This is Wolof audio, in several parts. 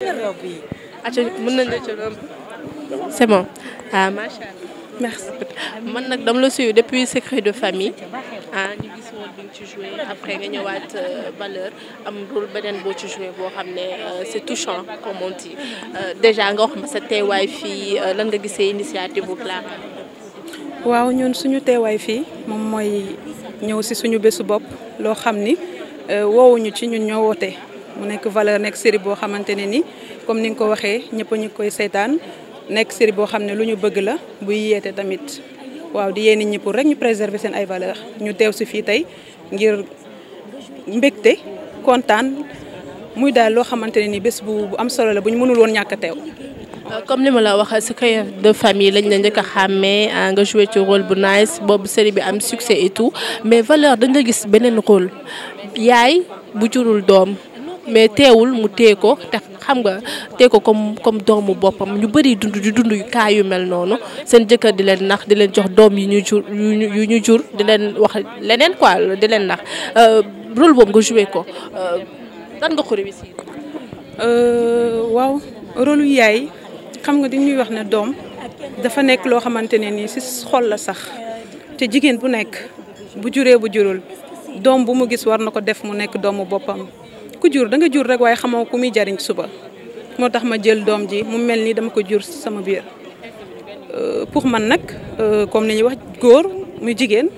acca ah, mën nañ la ah, man nag dama la suivre depuis secret de famille ah ñu gis nga après nga ñëwaat euh, valeur am rôle beneen boo ci joué boo xam ne euh, c'est touchant comme on dit euh, déjà nga wax ma sa teewaay fii lan nga gisee initiative bu Clara waaw ñun suñu teewaay fii moom mooy ñëw si suñu bésu bopp loo xam ni wowuñu ci ñun ñoo wootee mu nekk valeur nekk série boo xamante ne ni comme ni nga ko waxee ñëpp ñu koy seetaan nekk série boo xam ne lu ñu bëgg la buy yeete tamit waaw di yee nit ñi rek ñu préserver seen ay valeur ñu teew si fii tey ngir mbégte kontaan muy daal loo xamante ne ni bés bu bu am solo la bu ñu mënul woon ñàkk a teew. Euh, comme li ma la wax si chef de famille lañ la njëkk a xàmmee ah, nga joué ci rôle bu nice boobu série bi am succès et mais valeur dañ la gis beneen rôle yaay bu jurul doom. mais teewul mu téye ko te xam nga tee ko comme comme doomu boppam ñu bëri dund di dund yu kaa yu mel noonu seen jëkkër di leen nax di leen jox doom yi ñu jur yu ñu jur di leen wax leneen quoi di leen nax euh, rôle boobu nga joué ko dan euh, nga ko réussir. Euh, waaw rôle yaay xam nga di ñuy wax ne doom dafa nekk loo xamante ne nii ci xol la sax te jigéen bu nekk bu juree bu jurul doom bu mu gis war na ko def mu nekk doomu boppam. ku jur da nga jur rek waaye xamoo ku muy jariñ suba moo tax ma jël doom ji mu mel ni dama ko jur sama biir euh, pour man nag euh, comme ni ñuy wax góor muy jigéen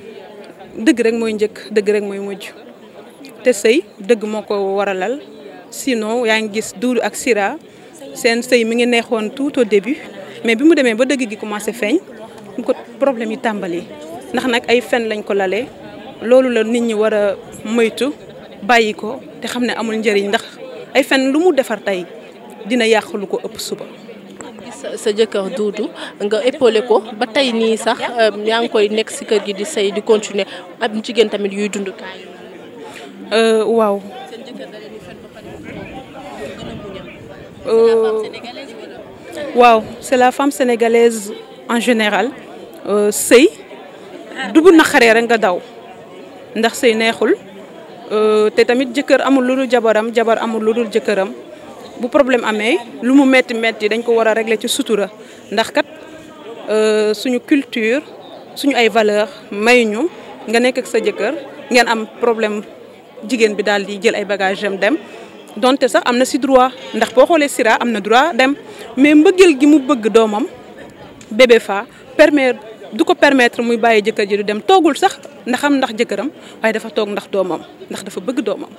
dëgg rek mooy njëkk dëgg rek mooy mujj te sëy dëgg moo ko waralal sino yaa ngi gis Doudou ak Sira seen sëy mu ngi neexoon tout au début mais bi mu demee ba dëgg gi commencé feeñ mu ko problème yi tàmbali ndax nag ay fen lañ ko lalee loolu la nit ñi war moytu bàyyi ko te xam ne amul njëriñ ndax ay fen lu mu defar tey dina yàqulu ko ëpp suba. sa jëkkër Doudou nga épaulé ko ba tey nii sax euh, yaa ngi koy nekk si kër gi di sëy di continuer am jigéen tamit yuy dund kaay. Euh, waaw. Euh, waaw c'est la femme sénégalaise en général sëy du bu naqaree rek nga daw ndax sëy neexul. Euh, te tamit jëkkër amul lu dul jabaram jabar amul lu dul jëkkëram bu problème amee lu mu metti metti dañ ko war a régler ci sutura ndax kat euh, suñu culture suñu ay valeur may ñu nga nekk ak sa jëkkër ngeen am problème jigéen bi daal di jël ay bagages am dem donte sax am na si droit ndax boo xoolee Sira am na droit dem mais mbëggeel gi mu bëgg doomam bébé fa permettre du ko permettre muy bàyyi jëkkër ji du dem toogul sax ndax am ndax jëkkëram waaye dafa toog ndax doomam ndax dafa bëgg doomam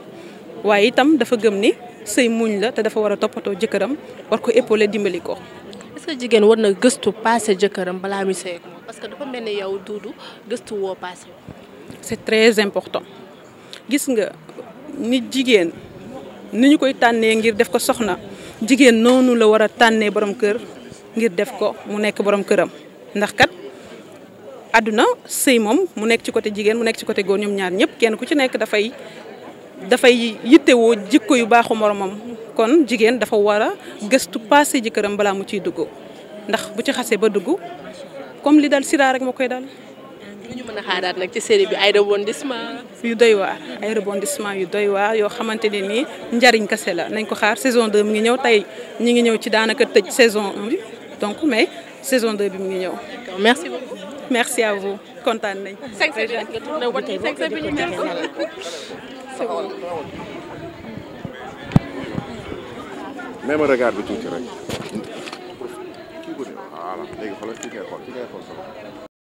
waaye itam dafa gëm ni sëy muñ la te dafa war a toppatoo jëkkëram war ko épauler dimbali ko. est jigéen war na gëstu passé jëkkëram balaa muy sëy moom parce que dafa mel ni yow duudu gëstu woo passé. c'est très important gis nga nit jigéen ni ñu koy tànnee ngir def ko soxna jigéen noonu la war a tànnee borom kër ngir def ko mu nekk borom këram ndax kat. àdduna sëy moom mu nekk ci côté jigéen mu nekk ci côté góor ñoom ñaar ñëpp kenn ku ci nekk dafay dafay woo jikko yu baaxu moromam kon jigéen dafa war a gëstu passé jëkkëram balaa mu ciy dugg ndax bu ci xasee ba dugg comme li dal sida rek moo koy dal. lu ñu mën a xaaraat nag ci série bi ay rebondissement yu doy waar ay rebondissement yu doy waar yoo xamante ne nii njariñ kese la nañ ko xaar saison 2 mi ngi ñëw tey ñi ngi ñëw ci daanaka tëj saison bi donc mais saison 2 bi mu ngi ñëw. merci à vous kontaan nañ. même regard bi tuuti rek. voilà léegi xoolal kii ngay xool kii ngay xool